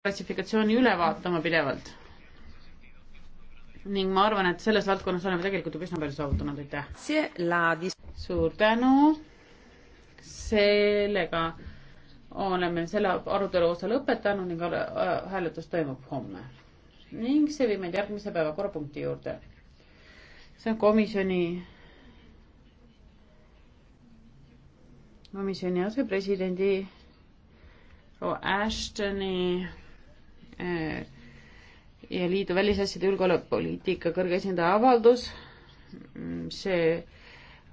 klassifikatsiooni üle vaatama pidevalt. ning ma arvan, et selles valdkonnas oleme tegelikult juba üsna palju saavutanud, aitäh. suur tänu. sellega oleme selle arutelu osa lõpetanud ning äh, hääletus toimub homme. ning see viib meid järgmise päevakorrapunkti juurde. see on komisjoni komisjoni asepresidendi proua Ashtoni Äh, ja liidu välisasjade julgeolekupoliitika kõrge esindaja avaldus, mm, see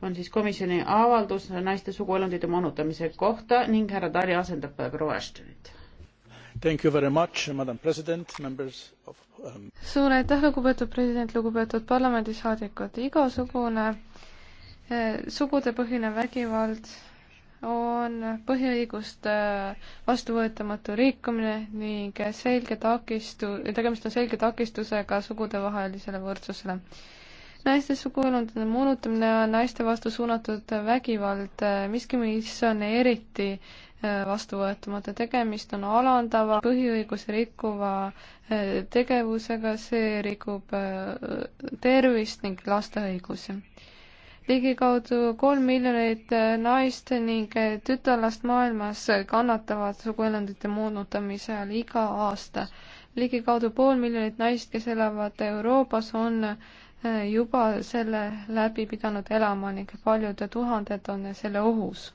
on siis komisjoni avaldus naiste suguelundite moonutamise kohta ning härra Tali asendab äh, proua Ashtonit. Thank you very much, madam president, members of um... suur aitäh, lugupeetud president, lugupeetud parlamendisaadikud, igasugune eh, sugudepõhine vägivald on põhiõiguste vastuvõetamatu rikkumine ning selge takistu-, tegemist on selge takistusega sugudevahelisele võrdsusele. naiste suguelundide moonutamine on naiste vastu suunatud vägivald, miski, mis on eriti äh, vastuvõetamata, tegemist on alandava põhiõigusi rikkuva äh, tegevusega, see rikub äh, tervist ning laste õigusi ligikaudu kolm miljonit äh, naist ning äh, tütarlast maailmas kannatavad suguelundite moonutamise all iga aasta. ligikaudu pool miljonit naist, kes elavad Euroopas, on äh, juba selle läbi pidanud elama ning paljud tuhanded on selle ohus.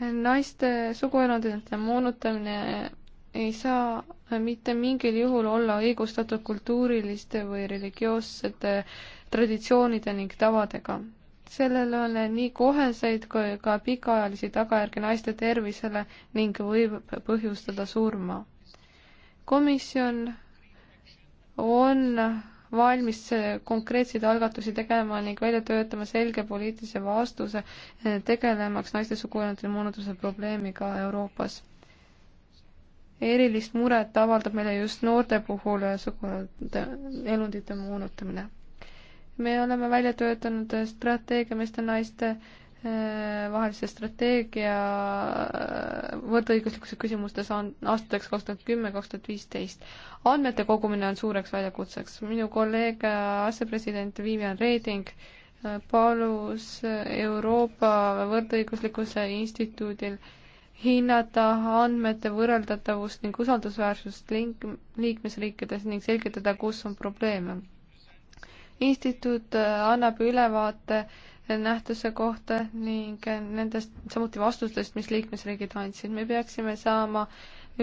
naiste suguelundite moonutamine ei saa mitte mingil juhul olla õigustatud kultuuriliste või religioossete traditsioonide ning tavadega. sellel on nii koheseid kui ka pikaajalisi tagajärgi naiste tervisele ning võib põhjustada surma. komisjon on valmis konkreetseid algatusi tegema ning välja töötama selge poliitilise vastuse, tegelemaks naiste suguelundite moonutuse probleemiga Euroopas erilist muret avaldab meile just noorte puhul sugude elundite moonutamine. me oleme välja töötanud strateegia meeste ja naiste äh, vahelise strateegia äh, võrdõiguslikkuse küsimustes on aastateks kaks tuhat kümme, kaks tuhat viisteist. andmete kogumine on suureks väljakutseks. minu kolleeg, äh, asepresident Vivian Reding palus Euroopa Võrdõiguslikkuse Instituudil äh, hinnata andmete võrreldatavust ning usaldusväärsust link-, liikmesriikides ning selgitada, kus on probleeme. instituut äh, annab ülevaate nähtuse kohta ning äh, nendest, samuti vastustest, mis liikmesriigid andsid. me peaksime saama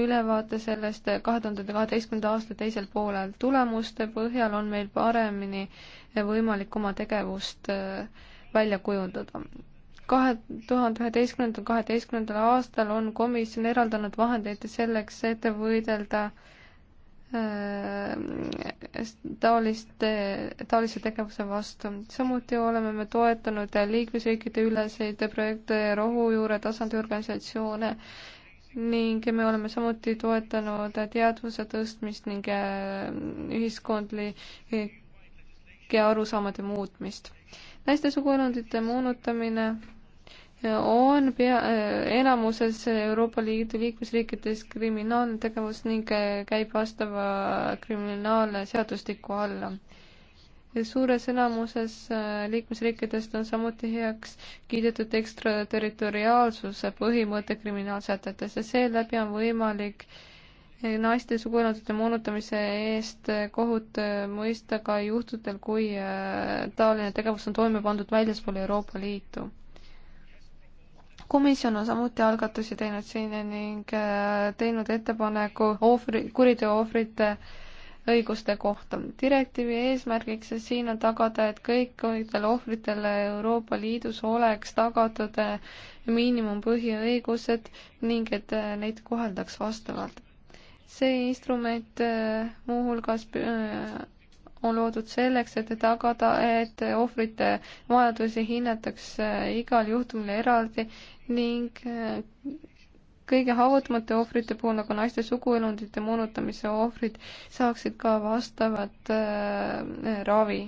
ülevaate sellest äh, kahe tuhande kaheteistkümnenda aasta teisel poolel. tulemuste põhjal on meil paremini võimalik oma tegevust välja kujundada kahe tuhande üheteistkümnendal, kaheteistkümnendal aastal on komisjon eraldanud vahendeid selleks, et võidelda äh, taoliste, taolise tegevuse vastu. samuti oleme me toetanud liikmesriikide üleseid projekte rohujuure tasandi organisatsioone ning me oleme samuti toetanud teadvuse tõstmist ning äh, ühiskondlike arusaamade muutmist naiste suguelundite moonutamine on pea, enamuses Euroopa Liidu liikmesriikides kriminaalne tegevus ning käib vastava kriminaalne seadustiku alla suures enamuses äh, liikmesriikidest on samuti heaks kiidetud ekstraterritoriaalsuse põhimõte kriminaalsätetes ja seeläbi on võimalik äh, naiste suguelundite moonutamise eest kohut äh, mõista ka juhtudel, kui äh, taoline tegevus on toime pandud väljaspool Euroopa Liitu. komisjon on samuti algatusi teinud siin ning äh, teinud ettepaneku ohvri, kuriteo ohvrite õiguste kohta. direktiivi eesmärgiks siin on tagada, et kõikidele ohvritele Euroopa Liidus oleks tagatud miinimumpõhiõigused ning et neid koheldaks vastavalt see instrument äh, muuhulgas äh, on loodud selleks, et tagada, et ohvrite vajadusi hinnatakse äh, igal juhtumil eraldi ning kõige haavatumate ohvrite puhul, nagu naiste suguelundite moonutamise ohvrid, saaksid ka vastavat äh, ravi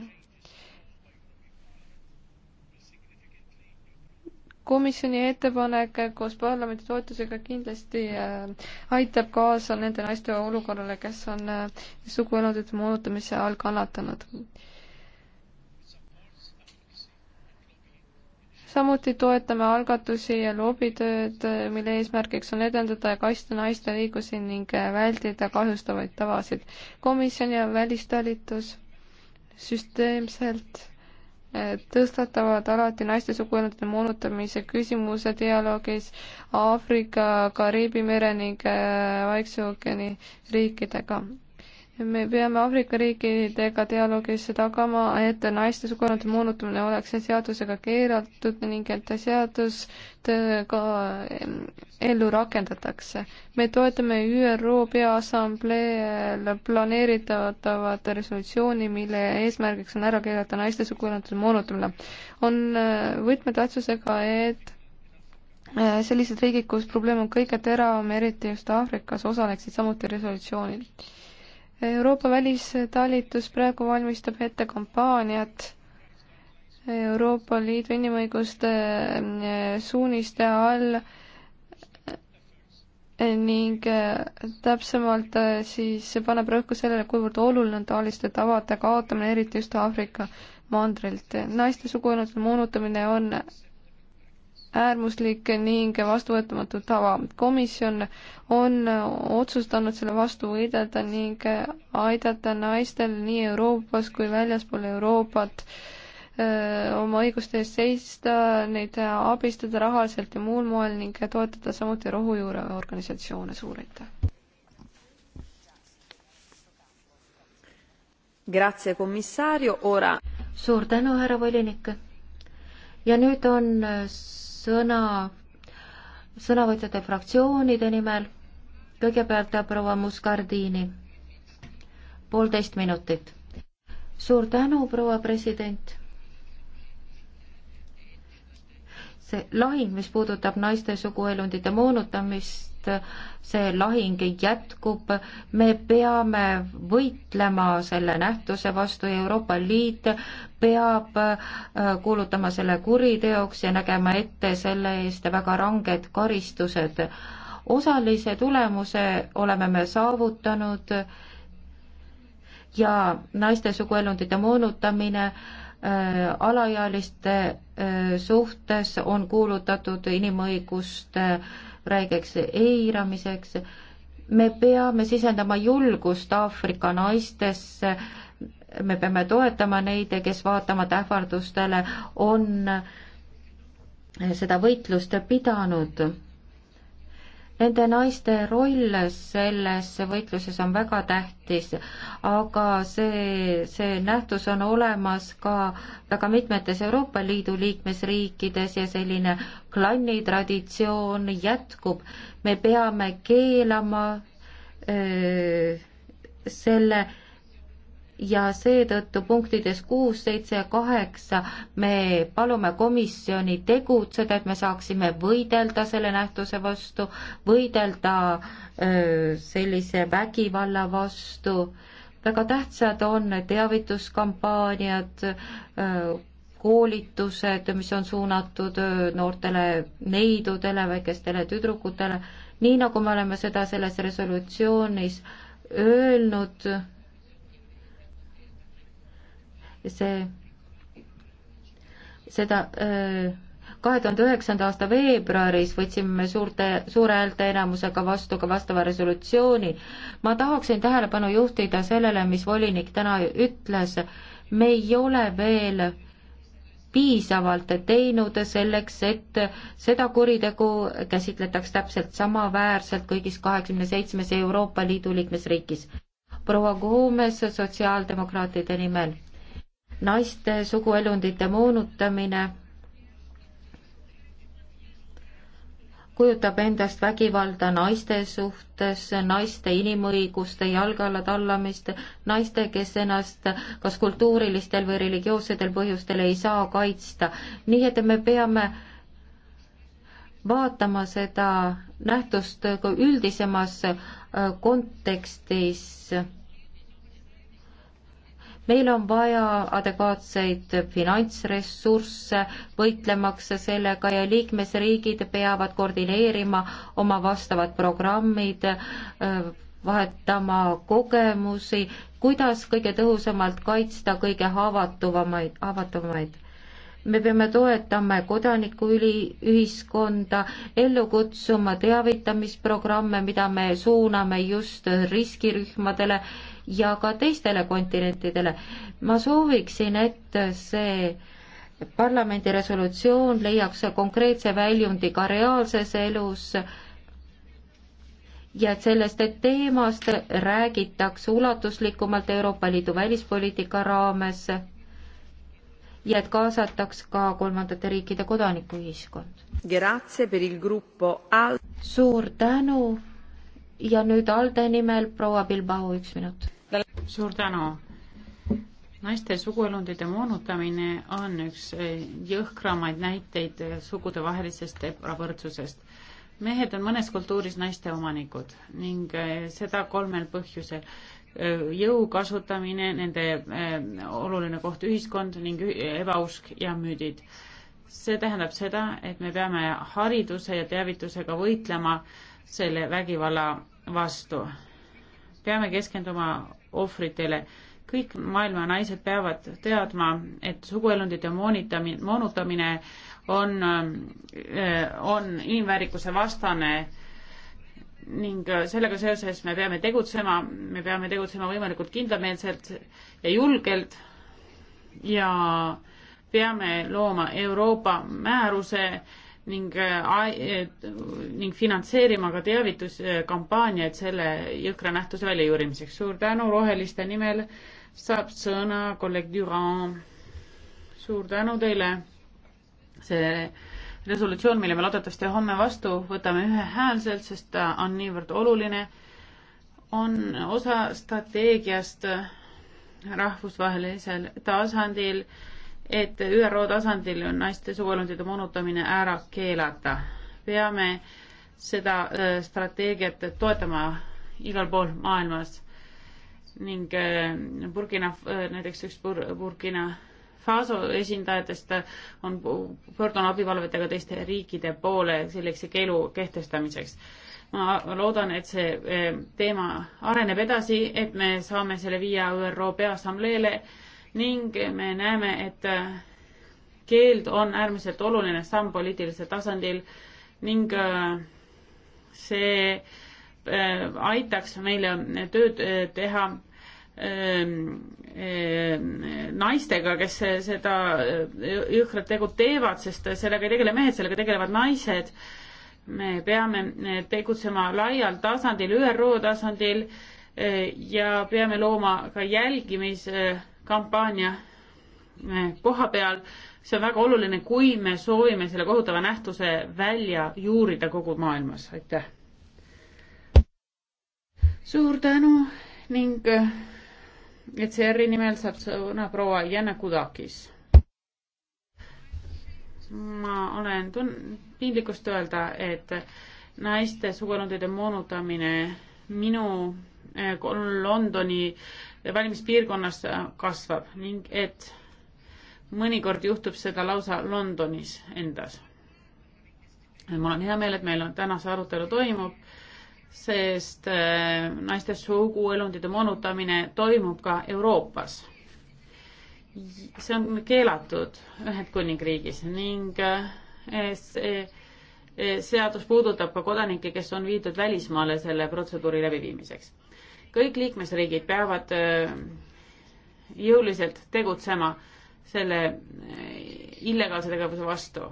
komisjoni ettepanek koos parlamendi toetusega kindlasti äh, aitab kaasa nende naiste olukorrale, kes on äh, suguelundite moonutamise all kannatanud. samuti toetame algatusi ja lobitööd, mille eesmärgiks on edendada ja kaitsta naiste õigusi ning äh, vältida kahjustavaid tavasid. komisjon ja välistalitus süsteemselt tõstatavad alati naiste suguelundite moonutamise küsimuse dialoogis Aafrika, Kariibi mere ning äh, Vaikse ookeani riikidega me peame Aafrika riikidega dialoogis tagama, et naiste suguelundite moonutamine oleks seadusega keelatud ning et seadust ka ellu rakendatakse. me toetame ÜRO Peaassambleel planeeritatavat resolutsiooni, mille eesmärgiks on ära keelata naiste suguelundite moonutamine. on võtmetähtsusega, et sellised riigid, kus probleem on kõige teravam, eriti just Aafrikas, osaleksid samuti resolutsioonil Euroopa välistalitus praegu valmistab ette kampaaniat Euroopa Liidu inimõiguste eh, suuniste all eh, ning eh, täpsemalt siis paneb rõhku sellele, kuivõrd oluline on taoliste tavade kaotamine, eriti just Aafrika mandrilt. naiste suguelundite moonutamine on äärmuslik ning vastuvõetamatu tava. komisjon on otsustanud selle vastu võidelda ning aidata naistel nii Euroopas kui väljaspool Euroopat oma õiguste eest seista, neid abistada rahaliselt ja muul moel ning toetada samuti rohujuure organisatsioone, suur aitäh! Grazie commissario, ora. suur tänu, härra volinik. ja nüüd on sõna sõnavõtjate fraktsioonide nimel. kõigepealt proua Muscardini, poolteist minutit. suur tänu, proua president see lahing, mis puudutab naiste suguelundite moonutamist, see lahing jätkub, me peame võitlema selle nähtuse vastu ja Euroopa Liit peab äh, kuulutama selle kuriteoks ja nägema ette selle eest väga ranged karistused. osalise tulemuse oleme me saavutanud ja naiste suguelundite moonutamine äh, Äh, alaealiste äh, suhtes on kuulutatud inimõiguste räigeks eiramiseks. me peame sisendama julgust Aafrika naistesse, me peame toetama neid, kes vaatamata ähvardustele on äh, seda võitlust pidanud Nende naiste roll selles võitluses on väga tähtis, aga see, see nähtus on olemas ka väga mitmetes Euroopa Liidu liikmesriikides ja selline klannitraditsioon jätkub. me peame keelama öö, selle ja seetõttu punktides kuus, seitse ja kaheksa me palume komisjoni tegutseda, et me saaksime võidelda selle nähtuse vastu, võidelda öö, sellise vägivalla vastu. väga tähtsad on teavituskampaaniad, koolitused, mis on suunatud noortele neidudele, väikestele tüdrukutele, nii nagu me oleme seda selles resolutsioonis öelnud see, seda äh, kahe tuhande üheksanda aasta veebruaris võtsime suurte, suure häälteenamusega vastu ka vastava resolutsiooni. ma tahaksin tähelepanu juhtida sellele, mis volinik täna ütles, me ei ole veel piisavalt teinud selleks, et seda kuritegu käsitletaks täpselt samaväärselt kõigis kaheksakümne seitsmes Euroopa Liidu liikmesriigis. proua Kuumes sotsiaaldemokraatide nimel naiste suguelundite moonutamine kujutab endast vägivalda naiste suhtes, naiste inimõiguste jalge alla tallamist, naiste, kes ennast kas kultuurilistel või religioossetel põhjustel ei saa kaitsta. nii et me peame vaatama seda nähtust ka üldisemas äh, kontekstis meil on vaja adekvaatseid finantsressursse võitlemaks sellega ja liikmesriigid peavad koordineerima oma vastavad programmid, äh, vahetama kogemusi, kuidas kõige tõhusamalt kaitsta kõige haavatuvamaid, haavatavamaid me peame toetama kodanikuühiskonda, ellu kutsuma teavitamisprogramme, mida me suuname just riskirühmadele ja ka teistele kontinentidele. ma sooviksin, et see parlamendi resolutsioon leiaks konkreetse väljundi ka reaalses elus ja et sellest et teemast räägitakse ulatuslikumalt Euroopa Liidu välispoliitika raames ja et kaasataks ka kolmandate riikide kodanikuühiskond. suur tänu ja nüüd ALDE nimel proua Bilbao, üks minut. suur tänu. naiste suguelundite moonutamine on üks eh, jõhkramaid näiteid eh, sugudevahelisest ebavõrdsusest. mehed on mõnes kultuuris naiste omanikud ning eh, seda kolmel põhjusel jõu kasutamine, nende oluline koht ühiskond ning ebausk ja müüdid. see tähendab seda, et me peame hariduse ja teavitusega võitlema äh, selle vägivalla vastu. peame keskenduma ohvritele. kõik maailma naised peavad teadma, et suguelundite moonitamine, moonutamine on, äh, on inimväärikuse vastane ning äh, sellega seoses me peame tegutsema, me peame tegutsema võimalikult kindlameelselt ja julgelt ja peame looma Euroopa määruse, ning äh, ning finantseerima ka teavituskampaaniaid selle jõhkra nähtuse väljajuurimiseks. suur tänu, Roheliste nimel saab sõna kolleeg Durand. suur tänu teile. see resolutsioon, mille me loodetavasti homme vastu võtame ühehäälselt, sest ta on niivõrd oluline, on osa strateegiast rahvusvahelisel tasandil ta et ÜRO tasandil on naiste suguelundite moonutamine ära keelata. peame seda äh, strateegiat toetama igal pool maailmas ning äh, Burkina, äh, näiteks üks Bur-, Burkina Faso esindajatest on pöördunud abipalvetega teiste riikide poole sellise keelu kehtestamiseks. ma loodan, et see teema areneb edasi, et me saame selle viia ÜRO Peaassambleele ning me näeme, et keeld on äärmiselt oluline samm poliitilisel tasandil ning äh, see äh, aitaks meile tööd äh, teha ähm, naistega, kes seda jõhkrat tegu teevad, sest sellega ei tegele mehed, sellega tegelevad naised. me peame tegutsema laial tasandil, ÜRO tasandil ja peame looma ka jälgimis- kampaania eh, koha peal, see on väga oluline, kui me soovime selle kohutava nähtuse välja juurida kogu maailmas, aitäh. suur tänu ning eh, ECR-i nimel saab sõna proua Janne Kudakis. ma olen tun-, piinlikust öelda, et naiste suguelundide moonutamine minu eh, Londoni äh, valimispiirkonnas äh, kasvab ning et mõnikord juhtub seda lausa Londonis endas. mul on hea meel, et meil on täna see arutelu toimub, sest äh, naiste suguelundite moonutamine toimub ka Euroopas. see on keelatud Ühendkuningriigis ning äh, see seadus puudutab ka kodanikke, kes on viidud välismaale selle protseduuri läbiviimiseks kõik liikmesriigid peavad äh, jõuliselt tegutsema selle äh, illegaalse tegevuse vastu.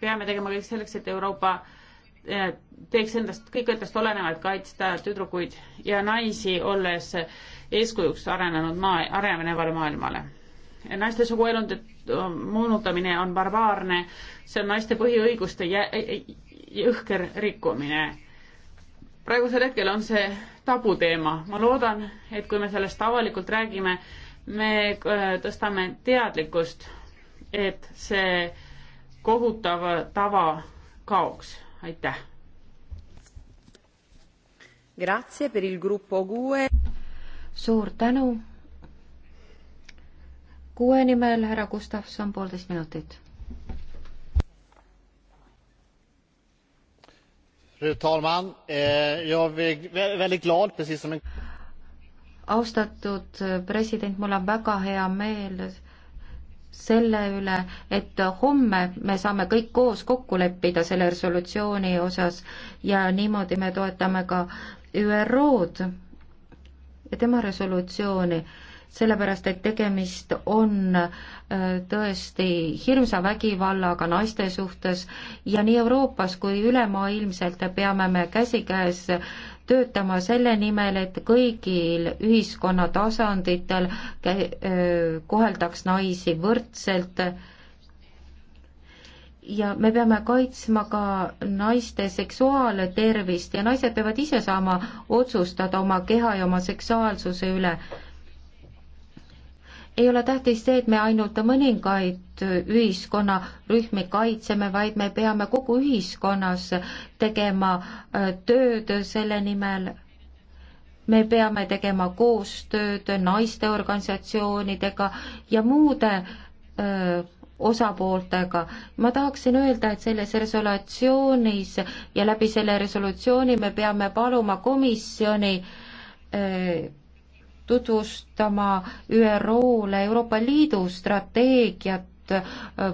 peame tegema kõik selleks, et Euroopa äh, teeks endast, kõik endast oleneva, et kaitsta tüdrukuid ja naisi, olles eeskujuks arenenud maa, arenevale maailmale. naiste suguelundite moonutamine on barbaarne, see on naiste põhiõiguste jä, jõhker rikkumine praegusel hetkel on see tabuteema, ma loodan, et kui me sellest avalikult räägime, me äh, tõstame teadlikkust, et see kohutav tava kaoks, aitäh. suur tänu. kuue nimel härra Gustavson, poolteist minutit Fru talman! Eh, jag är väldigt glad, precis som... austatud eh, president, mul on väga hea meel selle üle, et homme me saame kõik koos kokku leppida selle resolutsiooni osas ja niimoodi me toetame ka ÜRO-d ja tema resolutsiooni sellepärast et tegemist on äh, tõesti hirmsa vägivallaga naiste suhtes ja nii Euroopas kui ülemaailmselt peame me käsikäes töötama selle nimel, et kõigil ühiskonna tasanditel äh, koheldaks naisi võrdselt ja me peame kaitsma ka naiste seksuaaltervist ja naised peavad ise saama otsustada oma keha ja oma seksuaalsuse üle ei ole tähtis see, et me ainult mõningaid ühiskonnarühmi kaitseme, vaid me peame kogu ühiskonnas tegema äh, tööd selle nimel, me peame tegema koostööd naisteorganisatsioonidega ja muude öö, äh, osapooltega. ma tahaksin öelda, et selles resolutsioonis ja läbi selle resolutsiooni me peame paluma komisjoni öö, äh, tutvustama ÜRO-le Euroopa Liidu strateegiat äh,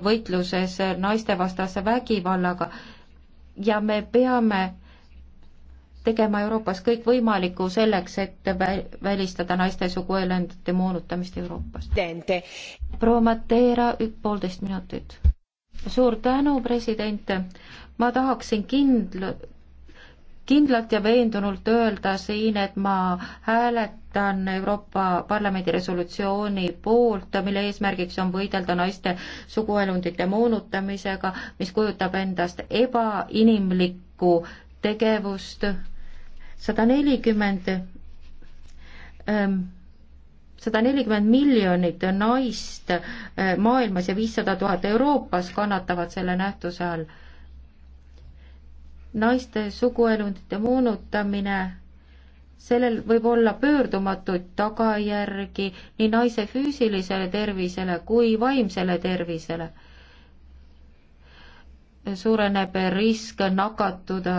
võitluses naistevastase vägivallaga ja me peame tegema Euroopas kõik võimalikku selleks, et välistada naiste suguelendite moonutamist Euroopas. proua Mateera, poolteist minutit. suur tänu, president. ma tahaksin kindl-, kindlalt ja veendunult öelda siin, et ma hääletan Euroopa Parlamendi resolutsiooni poolt, mille eesmärgiks on võidelda naiste suguelundite moonutamisega, mis kujutab endast ebainimlikku tegevust sada nelikümmend ähm, sada nelikümmend miljonit naist äh, maailmas ja viissada tuhat Euroopas kannatavad selle nähtuse all naiste suguelundite moonutamine, sellel võib olla pöördumatuid tagajärgi nii naise füüsilisele tervisele kui vaimsele tervisele. suureneb risk nakatuda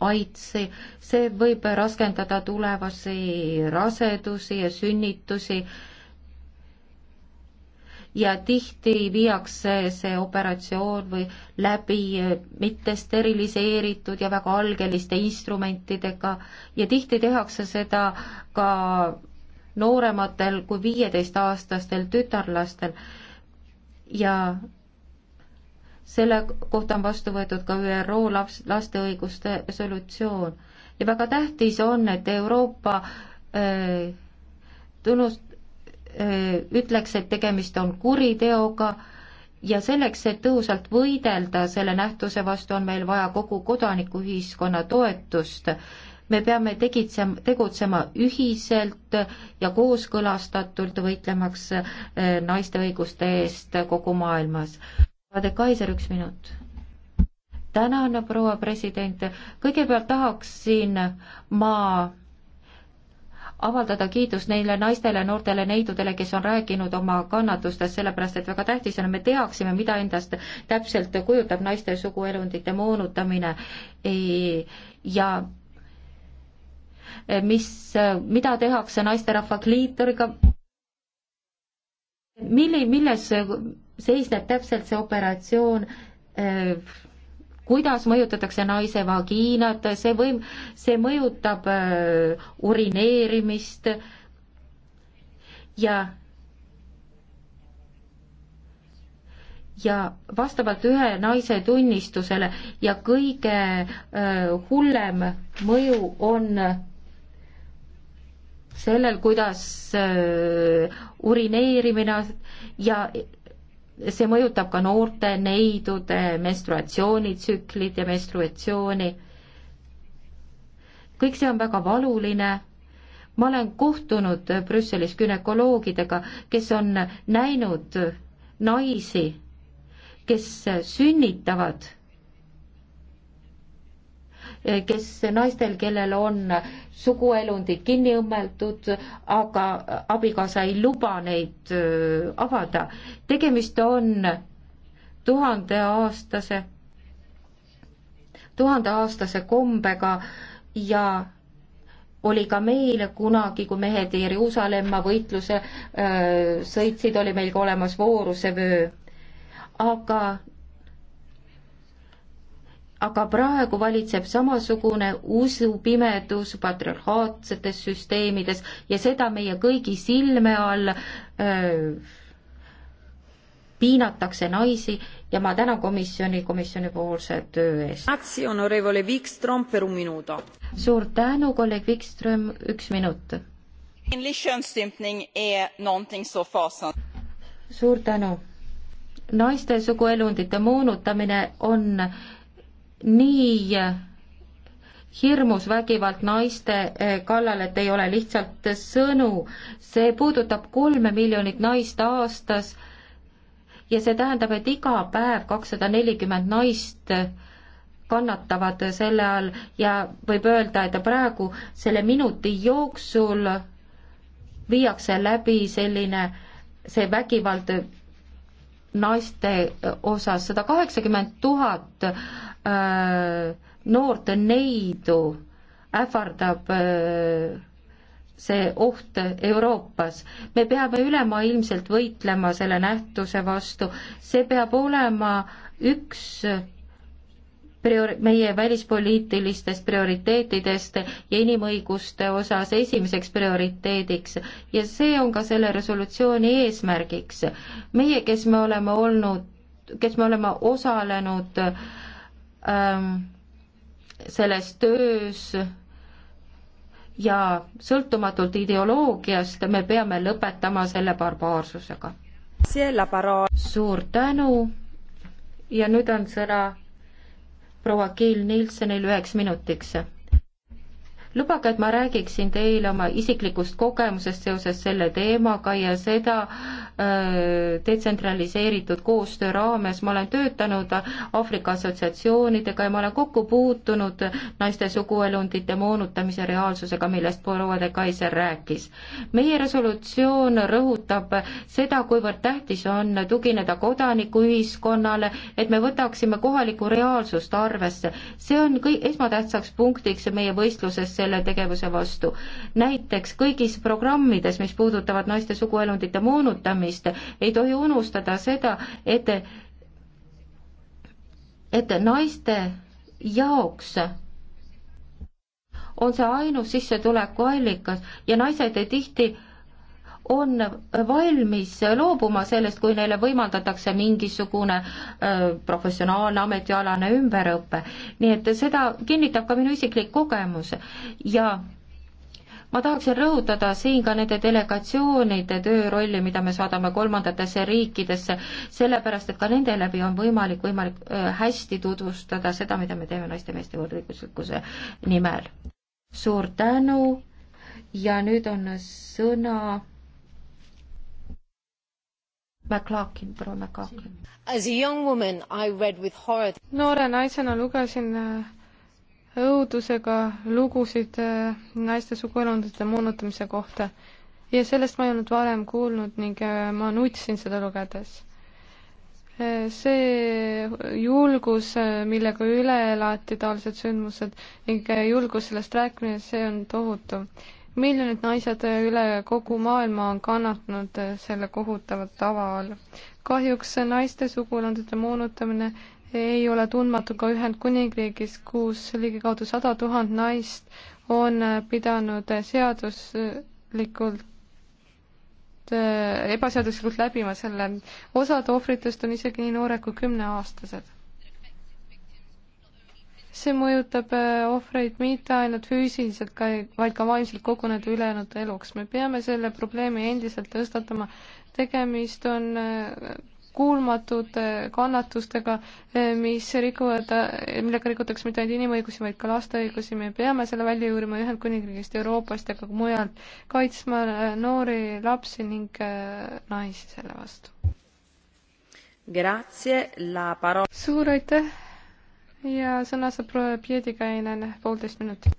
aidsi, see võib raskendada tulevasi rasedusi ja sünnitusi ja tihti viiakse see operatsioon või läbi mitte steriliseeritud ja väga algeliste instrumentidega ja tihti tehakse seda ka noorematel kui viieteistaastastel tütarlastel ja selle kohta on vastu võetud ka ÜRO laps, laste õiguste resolutsioon. ja väga tähtis on, et Euroopa öö, äh, tunnust, ütleks, et tegemist on kuriteoga ja selleks, et tõhusalt võidelda selle nähtuse vastu, on meil vaja kogu kodanikuühiskonna toetust. me peame tegitsema, tegutsema ühiselt ja kooskõlastatult, võitlemaks naiste õiguste eest kogu maailmas. Ade Kaiser, üks minut tänan, proua president. kõigepealt tahaksin ma avaldada kiidust neile naistele, noortele neidudele, kes on rääkinud oma kannatustest, sellepärast et väga tähtis on, me teaksime, mida endast täpselt kujutab naiste suguelundite moonutamine ja mis, mida tehakse naisterahva kliitoriga, milli-, milles seisneb täpselt see operatsioon, äh, kuidas mõjutatakse naise vagiinat, see võim, see mõjutab äh, urineerimist ja ja vastavalt ühe naise tunnistusele ja kõige äh, hullem mõju on sellel, kuidas äh, urineerimine ja see mõjutab ka noorte neidude menstruatsioonitsüklid ja menstruatsiooni. kõik see on väga valuline. ma olen kohtunud Brüsselis gümnakoloogidega, kes on näinud naisi, kes sünnitavad kes naistel, kellel on suguelundid kinni õmmeldud, aga abikaasa ei luba neid äh, avada. tegemist on tuhandeaastase, tuhandeaastase kombega ja oli ka meil kunagi, kui mehed Jeruusalemma võitluse öö, äh, sõitsid, oli meil ka olemas voorusevöö. aga aga praegu valitseb samasugune usupimedus patriarhaatsetes süsteemides ja seda meie kõigi silme all öö, piinatakse naisi ja ma tänan komisjoni, komisjonipoolse töö eest. suur tänu, kolleeg Wikström, üks minut. suur tänu. naiste suguelundite moonutamine on nii hirmus vägivald naiste eh, kallal, et ei ole lihtsalt sõnu. see puudutab kolme miljonit naist aastas ja see tähendab, et iga päev kakssada nelikümmend naist kannatavad selle all ja võib öelda, et praegu selle minuti jooksul viiakse läbi selline, see vägivald naiste osas, sada kaheksakümmend tuhat Äh, noorte neidu ähvardab äh, see oht Euroopas. me peame ülemaailmselt võitlema selle nähtuse vastu, see peab olema üks priori-, meie välispoliitilistest prioriteetidest ja inimõiguste osas esimeseks prioriteediks ja see on ka selle resolutsiooni eesmärgiks. meie, kes me oleme olnud, kes me oleme osalenud äh, Ähm, selles töös ja sõltumatult ideoloogiast me peame lõpetama selle barbaarsusega. suur tänu ja nüüd on sõna proua Kiil Nilsenil üheks minutiks lubage, et ma räägiksin teile oma isiklikust kogemusest seoses selle teemaga ja seda äh, detsentraliseeritud koostöö raames. ma olen töötanud Aafrika assotsiatsioonidega ja ma olen kokku puutunud naiste suguelundite moonutamise reaalsusega, millest proua de Kaiser rääkis. meie resolutsioon rõhutab seda, kuivõrd tähtis on tugineda kodanikuühiskonnale, et me võtaksime kohalikku reaalsust arvesse. see on kõik esmatähtsaks punktiks meie võistluses selle selle tegevuse vastu. näiteks kõigis programmides, mis puudutavad naiste suguelundite moonutamist, ei tohi unustada seda, et et naiste jaoks on see ainus sissetulekuallikas ja naised tihti on valmis loobuma sellest, kui neile võimaldatakse mingisugune äh, professionaalne ametialane ümberõpe. nii et seda kinnitab ka minu isiklik kogemus ja ma tahaksin rõhutada siin ka nende delegatsioonide töörolli, mida me saadame kolmandatesse riikidesse, sellepärast et ka nende läbi on võimalik, võimalik äh, hästi tutvustada seda, mida me teeme naiste-meeste võrdõiguslikkuse nimel. suur tänu ja nüüd on sõna McLaughlin, proua McLaughlin. noore naisena lugesin äh, õudusega lugusid äh, naiste suguelundite moonutamise kohta ja sellest ma ei olnud varem kuulnud ning äh, ma nutsin seda lugedes. see julgus, millega üle elati taolised sündmused ning julgus sellest rääkimine, see on tohutu miljonid naised üle kogu maailma on kannatanud selle kohutava tava all. kahjuks naiste sugulandade moonutamine ei ole tundmatu ka Ühendkuningriigis, kus ligikaudu sada tuhat naist on pidanud seaduslikult ebaseaduslikult läbima selle. osad ohvritest on isegi nii noored kui kümneaastased see mõjutab äh, ohvreid mitte ainult füüsiliselt, vaid ka vaimselt kogu nende ülejäänud eluks. me peame selle probleemi endiselt tõstatama. tegemist on äh, kuulmatud äh, kannatustega, mis rikuvad, millega rikutakse mitte ainult inimõigusi, vaid ka laste õigusi. me peame selle välja uurima Ühendkuningriigist, Euroopast ja ka mujalt, kaitsma noori, lapsi ning naisi selle vastu. suur aitäh! ja sõna saab Piedikäinen poolteist minutit.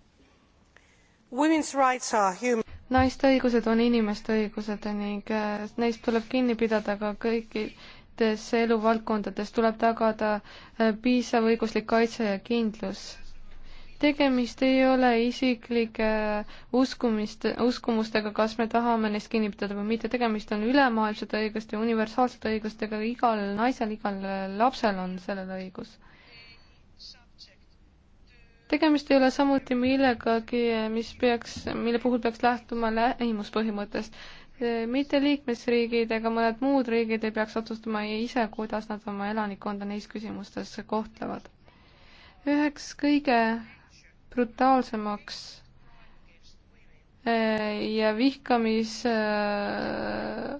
naiste õigused on inimeste õigused ning äh, neist tuleb kinni pidada ka kõikides eluvaldkondades, tuleb tagada äh, piisav õiguslik kaitse ja kindlus tegemist ei ole isiklike äh, uskumist, uskumustega, kas me tahame neist kinni pidada või mitte, tegemist on ülemaailmsete õiguste, universaalsete õigustega, igal naisel, igal lapsel on sellele õigus tegemist ei ole samuti millegagi, mis peaks, mille puhul peaks lähtuma lähimuspõhimõttest. mitte liikmesriigid ega mõned muud riigid ei peaks otsustama ise, kuidas nad oma elanikkonda neis küsimustes kohtlevad. üheks kõige brutaalsemaks eh, ja vihkamis eh,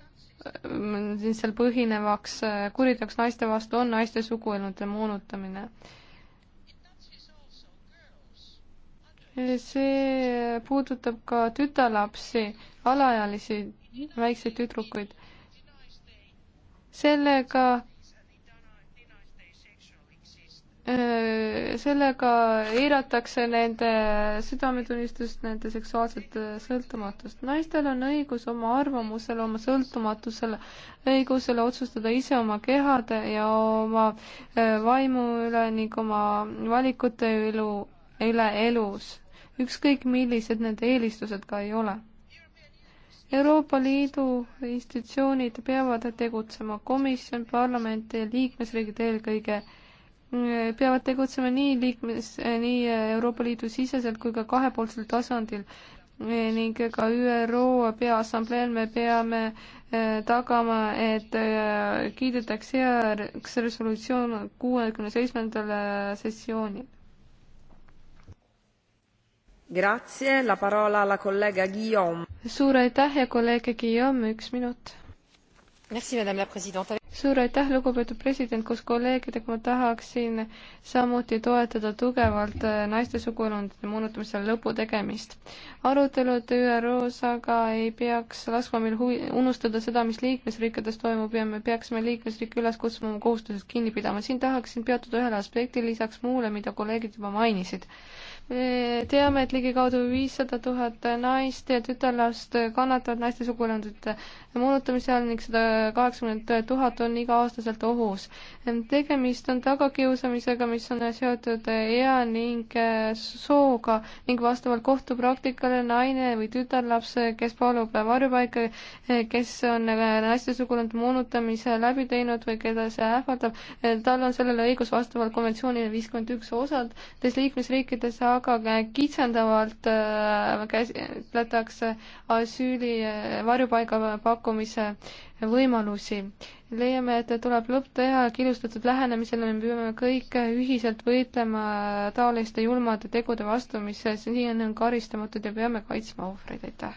seal põhinevaks eh, kuriteoks naiste vastu on naiste suguelundide moonutamine see puudutab ka tütarlapsi, alaealisi, väikseid tüdrukuid. sellega, äh, sellega eiratakse nende südametunnistust, nende seksuaalset äh, sõltumatust. naistel on õigus oma arvamusele, oma sõltumatusele, õigusele otsustada ise oma kehade ja oma äh, vaimu üle ning oma valikute üle elus ükskõik millised nende eelistused ka ei ole. Euroopa Liidu institutsioonid peavad tegutsema, komisjon, parlament ja liikmesriigid eelkõige mm, peavad tegutsema nii liikmes, nii Euroopa Liidu siseselt kui ka kahepoolsel tasandil ning ka ÜRO Peaassambleel me peame eh, tagama, et eh, kiidetakse heaks resolutsioon kuuekümne seitsmendal eh, sessioonil suur aitäh ja kolleeg Guillaume, üks minut. suur aitäh, lugupeetud president, koos kolleegidega ma tahaksin samuti toetada tugevalt naiste suguelundite moonutamisele lõpu tegemist. arutelud ÜRO-s aga ei peaks laskma meil huvi, unustada seda, mis liikmesriikides toimub ja me peaksime liikmesriike üles kutsuma oma kohustusest kinni pidama. siin tahaksin peatuda ühele aspektile lisaks muule, mida kolleegid juba mainisid me teame, et ligikaudu viissada tuhat naist ja tütarlast kannatavad naiste sugulandite moonutamise all ning sada kaheksakümmend tuhat on iga-aastaselt ohus. tegemist on tagakiusamisega, mis on seotud ea ning sooga ning vastavalt kohtupraktikale naine või tütarlaps, kes palub varjupaika, kes on naiste sugulandite moonutamise läbi teinud või keda see ähvardab, tal on sellele õigus vastavalt konventsioonile viiskümmend üks osad, teistes liikmesriikides aga kitsendavalt äh, käsitletakse asüüli äh, varjupaiga pakkumise võimalusi. leiame, et tuleb lõpp teha killustatud lähenemisele, me peame kõik ühiselt võitlema taoliste julmade tegude vastu, mis siiani on karistamatud ja peame kaitsma ohvreid, aitäh!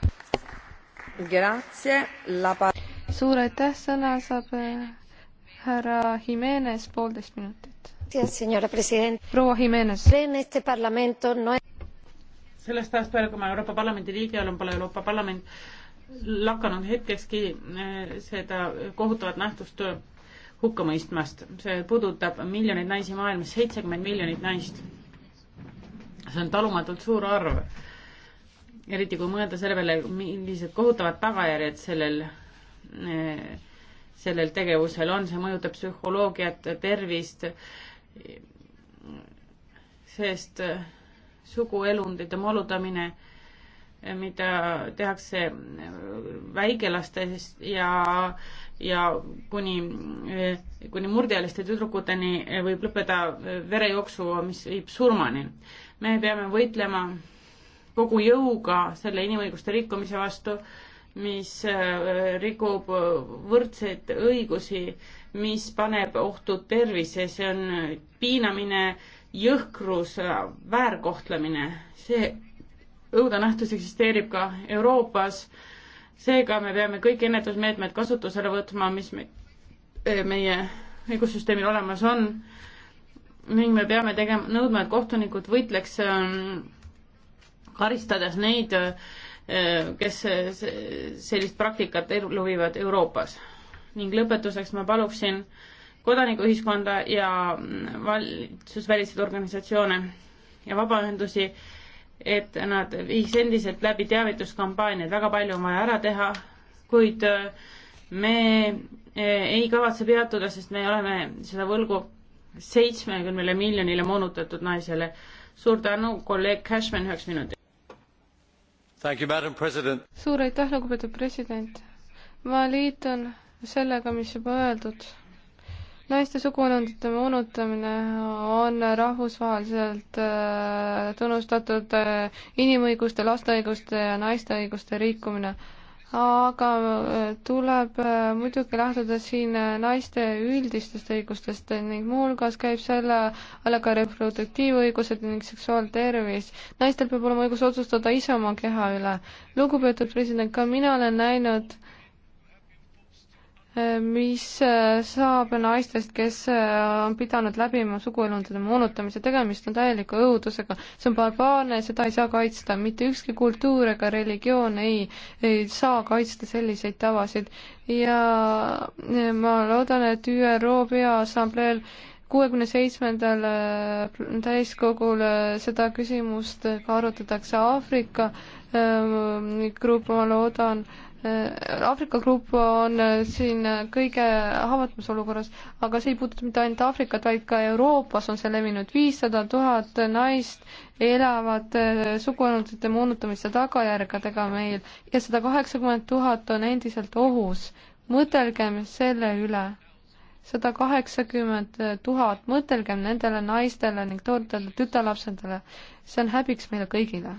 suur aitäh, sõna saab äh, härra Jimenez, poolteist minutit. proua Jimenez sellest ajast peale, kui ma Euroopa Parlamendi liige olen, pole Euroopa Parlament lakanud hetkekski eh, seda kohutavat nähtust hukka mõistmast. see puudutab miljoneid naisi maailmas, seitsekümmend miljonit naist. see on talumatult suur arv. eriti kui mõelda selle peale, millised kohutavad tagajärjed sellel, eh, sellel tegevusel on, see mõjutab psühholoogiat, tervist, sest eh, suguelundite molutamine, mida tehakse väikelastest ja, ja kuni, kuni murdealiste tüdrukuteni võib lõppeda verejooksu, mis viib surmani. me peame võitlema kogu jõuga selle inimõiguste rikkumise vastu, mis äh, rikub võrdseid õigusi, mis paneb ohtu tervise, see on piinamine, jõhkrus, äh, väärkohtlemine, see õudanähtus eksisteerib ka Euroopas, seega me peame kõik ennetusmeetmed kasutusele võtma, mis me, äh, meie õigussüsteemil olemas on ning me peame tegema, nõudma, et kohtunikud võitleks ähm, karistades neid, äh, kes sellist praktikat ellu viivad Euroopas. ning lõpetuseks ma paluksin äh, kodanikuühiskonda ja valitsusväliseid organisatsioone ja vabaühendusi, et nad viiks endiselt läbi teavituskampaaniaid, väga palju on vaja ära teha, kuid äh, me äh, ei kavatse peatuda, sest me oleme seda võlgu seitsmekümnele miljonile moonutatud naisele. suur tänu, kolleeg Cashman, üheks minutiks. suur aitäh, lugupeetud president. ma liitun sellega, mis juba öeldud naiste suguelundite moonutamine on rahvusvaheliselt äh, tunnustatud äh, inimõiguste, laste õiguste ja naiste õiguste rikkumine. aga äh, tuleb muidugi lähtuda siin naiste üldistest õigustest ning muuhulgas käib selle alla ka reproduktiivõigused ning seksuaaltervis. naistel peab olema õigus otsustada ise oma keha üle. lugupeetud president, ka mina olen näinud mis äh, saab naistest, kes äh, on pidanud läbima suguelundide moonutamise, tegemist on täieliku õudusega, see on barbaarne, seda ei saa kaitsta, mitte ükski kultuur ega religioon ei, ei saa kaitsta selliseid tavasid ja äh, ma loodan, et ÜRO Peaassambleel kuuekümne seitsmendal täiskogul seda küsimust ka arutatakse Aafrika grupp, ma loodan, Äh, Aafrika grupp on äh, siin äh, kõige haavatavas olukorras, aga see ei puuduta mitte ainult Aafrikat, vaid ka Euroopas on see levinud. viissada tuhat naist elavad suguelundite moonutamise tagajärgedega meil ja sada kaheksakümmend tuhat on endiselt ohus. mõtelgem selle üle. sada kaheksakümmend tuhat, mõtelgem nendele naistele ning toodetele tütarlapsedele. see on häbiks meile kõigile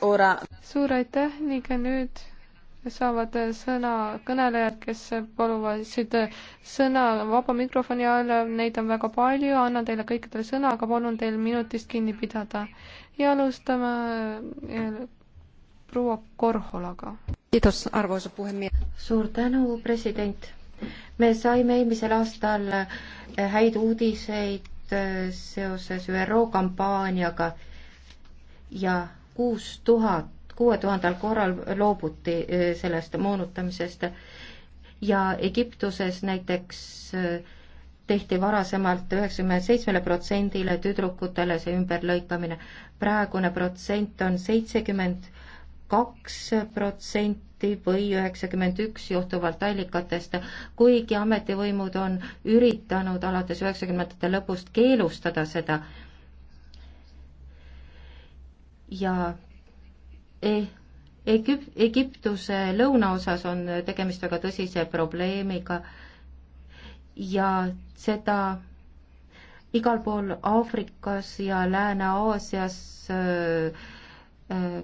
Ora... suur aitäh ning nüüd saavad sõna kõnelejad, kes paluvasid sõna vaba mikrofoni all, neid on väga palju, annan teile kõikidele sõna, aga palun teil minutist kinni pidada. ja alustame eh, proua Korholaga. suur tänu, president. me saime eelmisel aastal häid uudiseid eh, seoses ÜRO kampaaniaga ja kuus tuhat, kuue tuhandel korral loobuti sellest moonutamisest ja Egiptuses näiteks tehti varasemalt üheksakümne seitsmele protsendile tüdrukutele see ümberlõikamine. praegune protsent on seitsekümmend kaks protsenti või üheksakümmend üks johtuvalt allikatest, kuigi ametivõimud on üritanud alates üheksakümnendate lõpust keelustada seda ja e Egüp-, Egiptuse lõunaosas on tegemist väga tõsise probleemiga ja seda igal pool Aafrikas ja Lääne-Aasias äh, äh,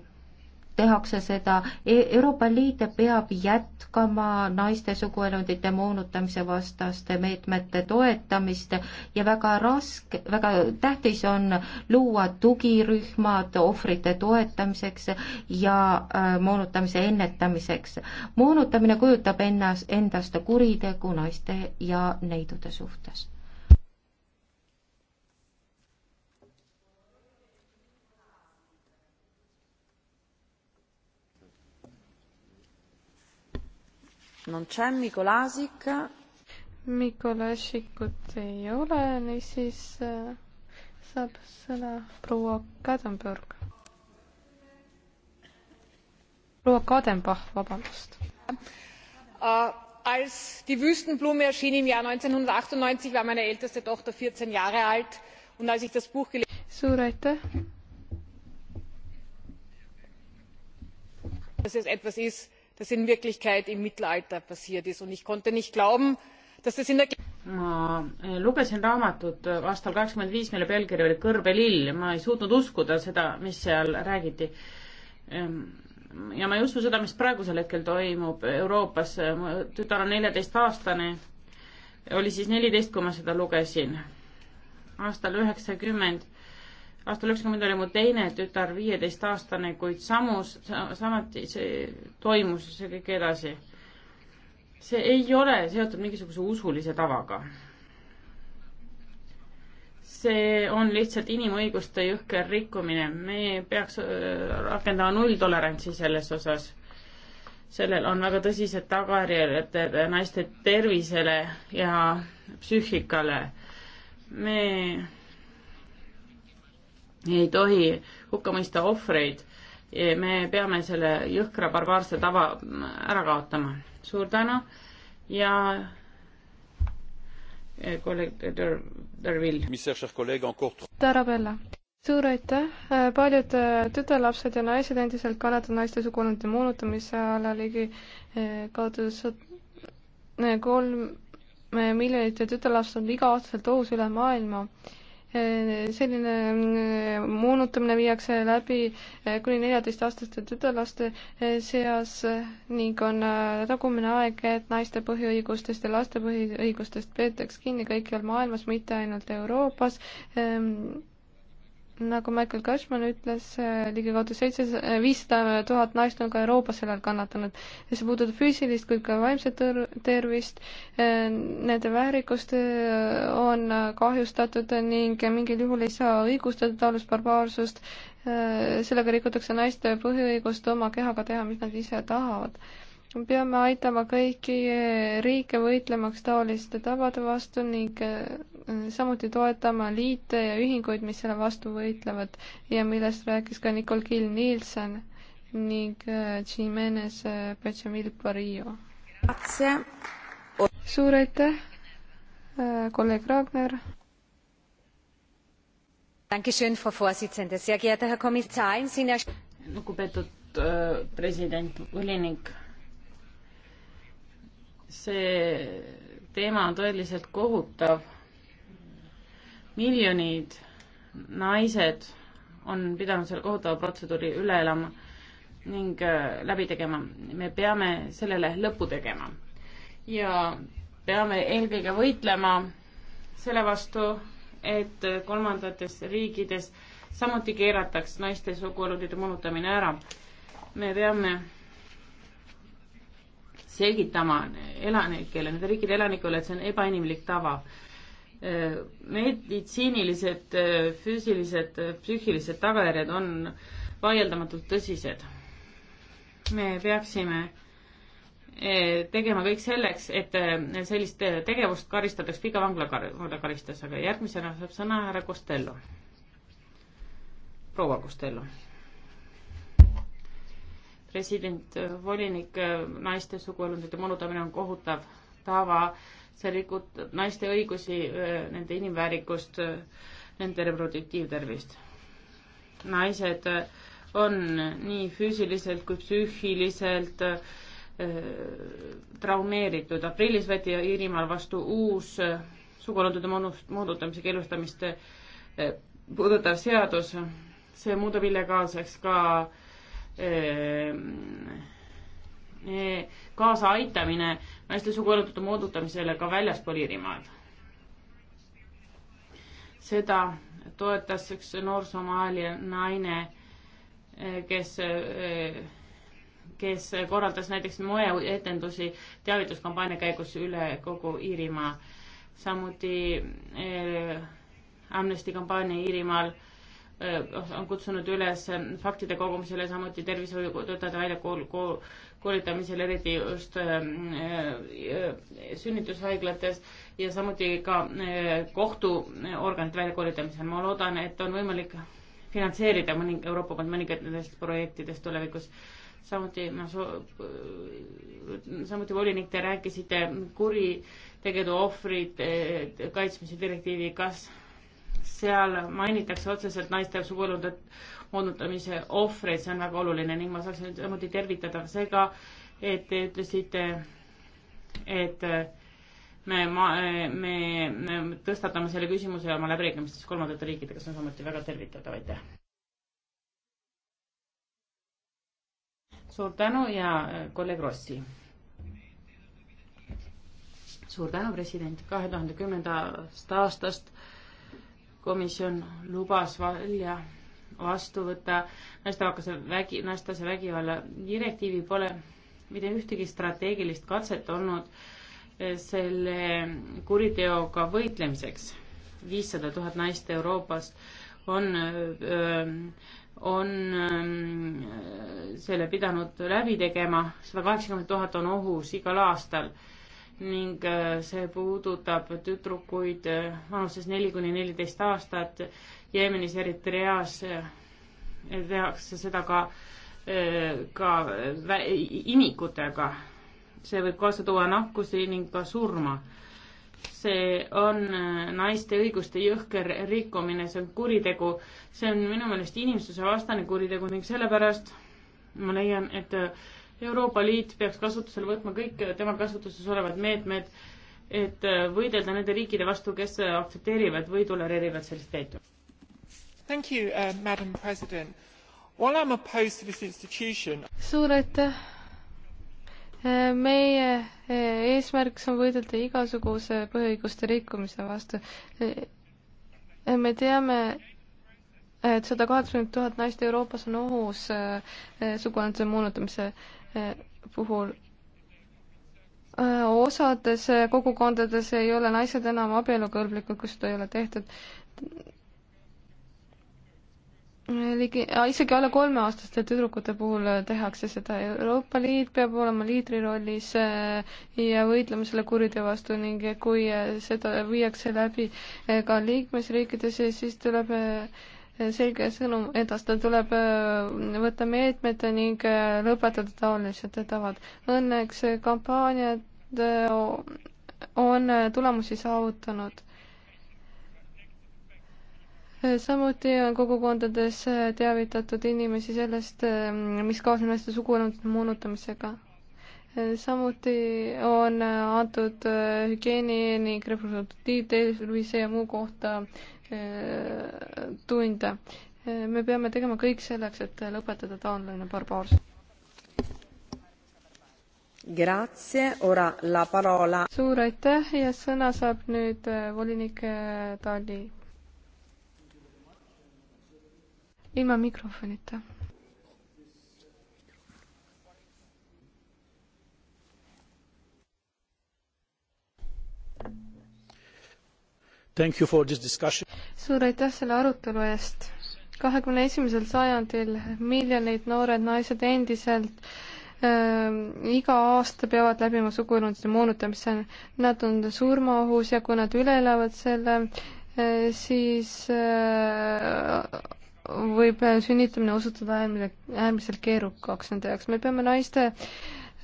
tehakse seda e, Euroopa Liit peab jätkama naiste suguelundite moonutamise vastaste meetmete toetamist ja väga raske, väga tähtis on luua tugirühmad ohvrite toetamiseks ja äh, moonutamise ennetamiseks. moonutamine kujutab ennas, endast kuritegu naiste ja neidude suhtes non c'è Mikolasik. Mikolasikut ei ole, niisiis äh, saab sõna proua Kadenberg. proua Kadenbach, vabandust äh,. Als die Wüstenblume erschien im Jahr 1998, war meine älteste Tochter 14 Jahre alt und als ich das Buch gelesen Suur aitäh! dass es etwas ist, das in wirklichkeit im mittelalter passiert ist und ich konnte nicht glauben dass das in der ma äh, lugesin raamatut aastal äh, kaheksakümmend viis mille pealkiri oli kõrbelill ma ei suutnud uskuda seda mis seal räägiti ehm, ja ma ei usu seda mis praegusel hetkel toimub euroopas mu tütar on neljateist aastane oli siis neliteist kui ma seda lugesin aastal üheksakümmend aastal üheksakümmend oli mu teine tütar viieteistaastane, kuid samus, samuti see toimus see kõik edasi. see ei ole seotud mingisuguse usulise tavaga. see on lihtsalt inimõiguste jõhker rikkumine, me peaks äh, rakendama nulltolerantsi selles osas. sellel on väga tõsised tagajärjed äh, naiste tervisele ja psüühikale. me ei tohi hukka mõista ohvreid. me peame selle jõhkra barbaarse tava ära kaotama. suur tänu ja eh, kolleeg Derville. Tarabella suur aitäh, eh, paljud eh, tütarlapsed ja naised endiselt kannatavad naiste suguelundite moonutamise alla ligi kaotas kolm miljonit tütarlast on iga-aastaselt ohus üle maailma selline mm, moonutamine viiakse läbi eh, kuni neljateistaastaste tütarlaste eh, seas eh, ning on tagumine aeg, et naiste põhiõigustest ja laste põhiõigustest peetaks kinni kõikjal maailmas, mitte ainult Euroopas ehm, nagu Michael Cashman ütles, eh, ligikaudu seitse, eh, viissada tuhat naist on ka Euroopas sellel kannatanud. ja see puudutab füüsilist kui ka vaimset tervist, eh, nende väärikust on kahjustatud ning mingil juhul ei saa õigustada taolist barbaarsust, sellega rikutakse naiste põhiõigust oma kehaga teha, mis nad ise tahavad me peame aitama kõiki riike võitlemaks taoliste tavade vastu ning äh, samuti toetama liite ja ühinguid, mis selle vastu võitlevad ja millest rääkis ka Nicole Kill Nielsen ning äh, Jimenez Pechamil äh, Parillo. suur aitäh, kolleeg Ragnar. lugupeetud president, volinik see teema on tõeliselt kohutav. miljonid naised on pidanud selle kohutava protseduuri üle elama ning äh, läbi tegema. me peame sellele lõpu tegema ja peame eelkõige võitlema selle vastu, et kolmandates riikides samuti keerataks naiste suguelundite moonutamine ära. me peame selgitama elanikele, nende riikide elanikele, et see on ebainimlik tava. Äh, meditsiinilised, äh, füüsilised, äh, psüühilised tagajärjed on vaieldamatult tõsised. me peaksime tegema kõik selleks, et sellist tegevust karistataks pika vanglakaristusega. järgmisena saab sõna härra Costello. proua Costello president, volinik, naiste suguelundite moonutamine on kohutav tava, see rikub naiste õigusi, nende inimväärikust, nende reproduktiivtervist. naised on nii füüsiliselt kui psüühiliselt äh, traumeeritud. aprillis võeti Iirimaal vastu uus äh, suguelundide moodutamise keelustamist äh, puudutav seadus. see muudab illegaalseks ka äh, kaasaaitamine naiste suguelundite moodutamisele ka väljaspool Iirimaad. seda toetas üks noor Somaalia naine, kes, kes korraldas näiteks moeetendusi teavituskampaania käigus üle kogu Iirimaa. samuti Amnesty kampaania Iirimaal Äh, on kutsunud üles faktide kogumisele, samuti tervishoiutöötajate välja kool, kool, koolitamisel, eriti just äh, äh, sünnitushaiglates ja samuti ka kohtuorganite väljakoolitamisel. ma loodan, et on võimalik finantseerida mõning-, Euroopa poolt mõningaid nendest projektidest tulevikus. samuti ma soo-, samuti volinik, te rääkisite kuritegedu ohvrite kaitsmise direktiivi, kas seal mainitakse otseselt naiste suguelundatamise ohvreid, see on väga oluline ning ma saaksin samuti tervitada seega, et te ütlesite, et me, ma, me, me tõstatame selle küsimuse oma läbirääkimistes kolmandate riikidega, see on samuti väga tervitatav, aitäh. suur tänu ja äh, kolleeg Rossi suur tänu, president, kahe tuhande kümnendast aastast komisjon lubas välja vastu võtta naistevastase vägi, naistevastase vägivalla direktiivi, pole mitte ühtegi strateegilist katset olnud eh, selle kuriteoga võitlemiseks. viissada tuhat naist Euroopas on, eh, on eh, selle pidanud läbi tegema, sada kaheksakümmend tuhat on ohus igal aastal ning äh, see puudutab tüdrukuid äh, vanuses neli kuni neliteist aastat. Jeemenis, Eritreas äh, tehakse seda ka, ka imikutega. see võib kaasa tuua nakkusi ning ka surma. see on naiste õiguste jõhker rikkumine, see on kuritegu, see on minu meelest inimsuse vastane kuritegu ning sellepärast ma leian, et Euroopa Liit peaks kasutusele võtma kõik tema kasutuses olevad meetmed, et äh, võidelda nende riikide vastu, kes äh, aktsepteerivad või tolereerivad sellist käitumist. Thank you uh,, madam president. While I am opposed to this institution. suur aitäh äh, meie eesmärgiks on võidelda igasuguse põhiõiguste rikkumise vastu. me teame, et sada kaheksakümmend tuhat naist Euroopas on ohus suguanduse moonutamise äh, puhul äh, osades kogukondades ei ole naised enam abielukõlblikud, kui seda ei ole tehtud. ligi, äh, isegi alla kolmeaastaste tüdrukute puhul äh, tehakse seda. Euroopa Liit peab olema liidrirollis ja võitlema selle kuriteo vastu ning kui seda viiakse läbi ka liikmesriikides, siis tuleb selge sõnum edastada, tuleb äh, võtta meetmed ning äh, lõpetada taolised tavad. Õnneks kampaaniad äh, on tulemusi saavutanud. samuti on kogukondades teavitatud inimesi sellest, mis kaasneb naiste suguelundite moonutamisega. samuti on antud hügieeni ning reproduktiivtervise ja muu kohta tunde. me peame tegema kõik selleks, et lõpetada taanlane barbaarsus. Grazie, ora la parola. suur aitäh ja sõna saab nüüd äh, volinik äh, Tali. ilma mikrofonita suur aitäh selle arutelu eest. kahekümne esimesel sajandil miljonid noored naised endiselt äh, iga aasta peavad läbima suguelundite moonutamise. Nad on surmaohus ja kui nad üle elavad selle äh,, siis äh, võib sünnitamine osutuda äärmiselt, äärmiselt keerukaks nende jaoks. me peame naiste äh,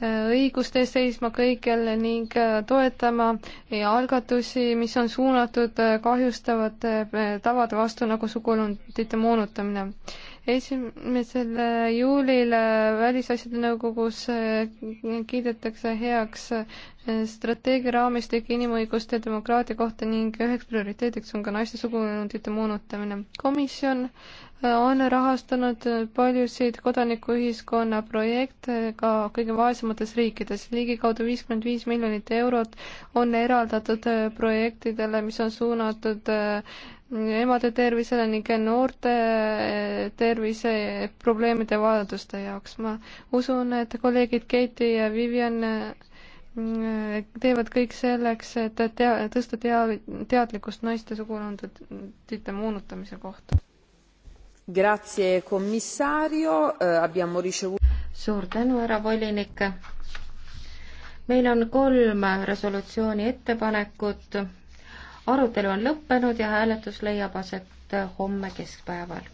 õiguste eest seisma kõigil ning äh, toetama äh, algatusi, mis on suunatud äh, kahjustavate tavade vastu nagu suguelundite moonutamine esimesel äh, juulil äh, Välisasjade Nõukogus äh, kiidetakse heaks strateegiaraamistik inimõiguste ja demokraatia kohta ning üheks prioriteediks on ka naiste suguelundite moonutamine. komisjon on rahastanud paljusid kodanikuühiskonna projekte ka kõige vaesemates riikides. ligikaudu viiskümmend viis miljonit eurot on eraldatud projektidele, mis on suunatud äh, emade tervisele ning noorte eh, terviseprobleemide vajaduste jaoks. ma usun, et kolleegid Keiti ja Vivian eh, teevad kõik selleks, et tea, tõsta tea, teadlikkust naiste suguelundite moonutamise kohta. Grazie, commissario, eh, abbiamo ricevuto. suur tänu, härra volinik. meil on kolm resolutsiooni ettepanekut arutelu on lõppenud ja hääletus leiab aset homme keskpäeval.